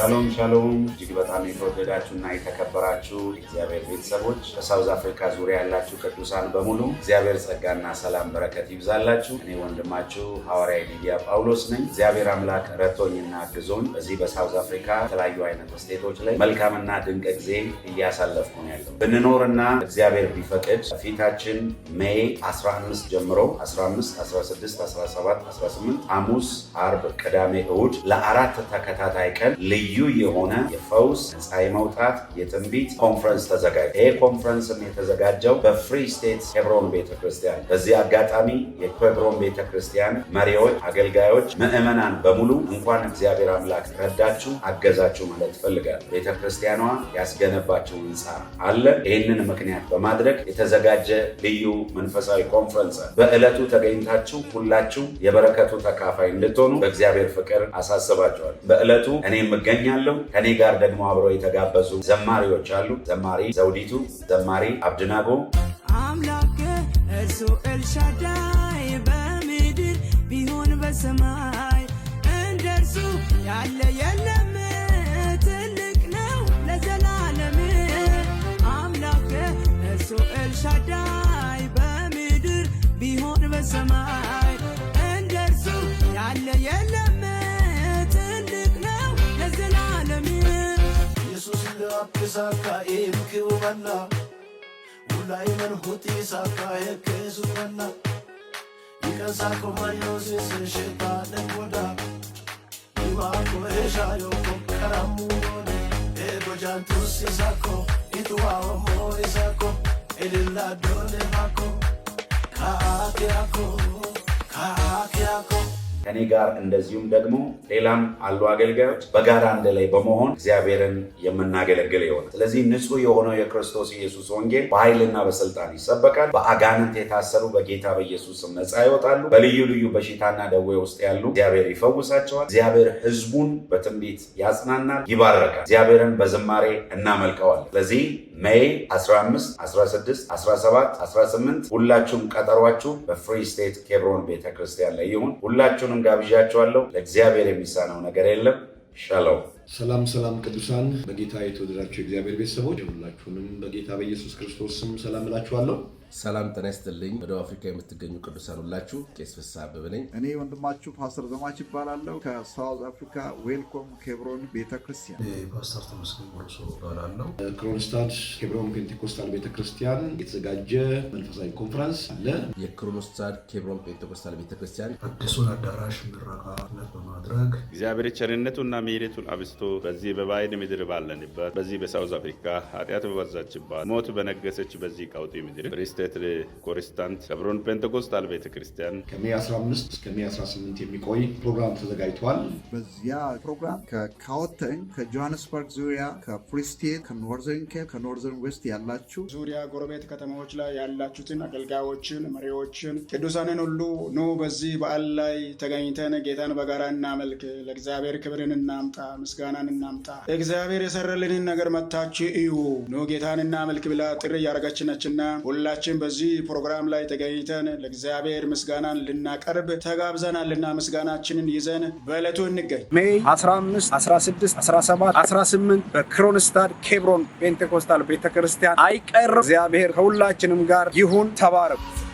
ሻሎም ሻሎም እጅግ በጣም የተወደዳችሁ እና የተከበራችሁ እግዚአብሔር ቤተሰቦች በሳውዝ አፍሪካ ዙሪያ ያላችሁ ቅዱሳን በሙሉ እግዚአብሔር ጸጋና ሰላም በረከት ይብዛላችሁ። እኔ ወንድማችሁ ሐዋርያ ሚዲያ ጳውሎስ ነኝ። እግዚአብሔር አምላክ ረቶኝና አግዞኝ በዚህ በሳውዝ አፍሪካ የተለያዩ አይነት ስቴቶች ላይ መልካምና ድንቅ ጊዜ እያሳለፍኩ ነው ያለው። ብንኖርና እግዚአብሔር ቢፈቅድ ፊታችን ሜይ 15 ጀምሮ 15፣ 16፣ 17፣ 18 ሐሙስ፣ አርብ፣ ቅዳሜ፣ እሁድ ለአራት ተከታታይ ቀን ልዩ ልዩ የሆነ የፈውስ ነፃ የመውጣት የትንቢት ኮንፈረንስ ተዘጋጅ። ይሄ ኮንፈረንስም የተዘጋጀው በፍሪ ስቴት ኬብሮን ቤተክርስቲያን። በዚህ አጋጣሚ የኬብሮን ቤተክርስቲያን መሪዎች፣ አገልጋዮች፣ ምዕመናን በሙሉ እንኳን እግዚአብሔር አምላክ ረዳችሁ፣ አገዛችሁ ማለት ትፈልጋል። ቤተክርስቲያኗ ያስገነባቸው ህንፃ አለ። ይህንን ምክንያት በማድረግ የተዘጋጀ ልዩ መንፈሳዊ ኮንፈረንስ በዕለቱ ተገኝታችሁ ሁላችሁ የበረከቱ ተካፋይ እንድትሆኑ በእግዚአብሔር ፍቅር አሳስባችኋል። በዕለቱ እኔ የምገኝ እገኛለሁ። ከኔ ጋር ደግሞ አብረው የተጋበዙ ዘማሪዎች አሉ። ዘማሪ ዘውዲቱ፣ ዘማሪ አብድናጎ አምላክ እርሱ ኤልሻዳይ በምድር ቢሆን በሰማይ እንደርሱ ያለ የለም ትልቅ ነው ለዘላለም አምላክ እርሱ ኤልሻዳይ በምድር ቢሆን በሰማይ saakka eebuki hubanna ulaayiman hutii saakka eekkees hubanna dhiigan saakko maayoosis sheetaadhan godha dhibaakko eeshaa yookko karamuu goone eegojaan tursi saakko ituwaa E isaakko mako, doole haakko ko, haakko kaa'aati haakko. ከኔ ጋር እንደዚሁም ደግሞ ሌላም አሉ አገልጋዮች በጋራ አንድ ላይ በመሆን እግዚአብሔርን የምናገለግል ይሆናል። ስለዚህ ንጹህ የሆነው የክርስቶስ ኢየሱስ ወንጌል በኃይልና በስልጣን ይሰበካል። በአጋንንት የታሰሩ በጌታ በኢየሱስ ነፃ ይወጣሉ። በልዩ ልዩ በሽታና ደዌ ውስጥ ያሉ እግዚአብሔር ይፈውሳቸዋል። እግዚአብሔር ህዝቡን በትንቢት ያጽናናል፣ ይባረካል። እግዚአብሔርን በዝማሬ እናመልከዋል። ስለዚህ ሜይ 15፣ 16፣ 17፣ 18 ሁላችሁም ቀጠሯችሁ በፍሪ ስቴት ኬብሮን ቤተክርስቲያን ላይ ይሁን። ሁላችሁ ሁላችሁንም ጋብዣችኋለሁ። ለእግዚአብሔር የሚሳነው ነገር የለም። ሻለው ሰላም ሰላም ቅዱሳን በጌታ የተወደዳቸው እግዚአብሔር ቤተሰቦች ሁላችሁንም በጌታ በኢየሱስ ክርስቶስ ስም ሰላም እላችኋለሁ። ሰላም ጤና ይስጥልኝ። በደቡብ አፍሪካ የምትገኙ ቅዱሳን ሁላችሁ ቄስ ፍስሐ አበበ ነኝ። እኔ ወንድማችሁ ፓስተር ዘማች ይባላለሁ ከሳውዝ አፍሪካ ዌልኮም ኬብሮን ቤተክርስቲያን። ፓስተር ተመስገን ጎርሶ ይባላለሁ ክሮንስታድ ኬብሮን ፔንቴኮስታል ቤተክርስቲያን የተዘጋጀ መንፈሳዊ ኮንፈረንስ አለ። የክሮንስታድ ኬብሮን ፔንቴኮስታል ቤተክርስቲያን አዲሱን አዳራሽ ምረቃነት በማድረግ እግዚአብሔር ቸርነቱና ምሕረቱን አብስ ተነስቶ በዚህ በባዕድ ምድር ባለንበት በዚህ በሳውዝ አፍሪካ ኃጢአት በበዛችባት ሞት በነገሰች በዚህ ቃውጢ ምድር ሪስቴት ኮሪስታንት ሰብሮን ፔንቴኮስታል ቤተ ክርስቲያን ከሜ 15 እስከ ሜ 18 የሚቆይ ፕሮግራም ተዘጋጅቷል። በዚያ ፕሮግራም ከካውተን፣ ከጆሃንስበርግ ዙሪያ፣ ከፕሪስቴት ከኖርዘርን ኬፕ፣ ከኖርዘርን ዌስት ያላችሁ ዙሪያ ጎረቤት ከተማዎች ላይ ያላችሁትን አገልጋዮችን፣ መሪዎችን፣ ቅዱሳንን ሁሉ ኑ በዚህ በዓል ላይ ተገኝተን ጌታን በጋራ እናመልክ፣ ለእግዚአብሔር ክብርን እናምጣ ምስጋና ምስጋናን እናምጣ። እግዚአብሔር የሰረልንን ነገር መታች እዩ ኑ ጌታን እናምልክ ብላ ጥሪ እያደረገችነችና ሁላችን በዚህ ፕሮግራም ላይ ተገኝተን ለእግዚአብሔር ምስጋናን ልናቀርብ ተጋብዘናልና ምስጋናችንን ይዘን በዕለቱ እንገኝ። ሜይ 15፣ 16፣ 17፣ 18 በክሮንስታድ ኬብሮን ፔንቴኮስታል ቤተክርስቲያን አይቀርም። እግዚአብሔር ከሁላችንም ጋር ይሁን። ተባረኩ።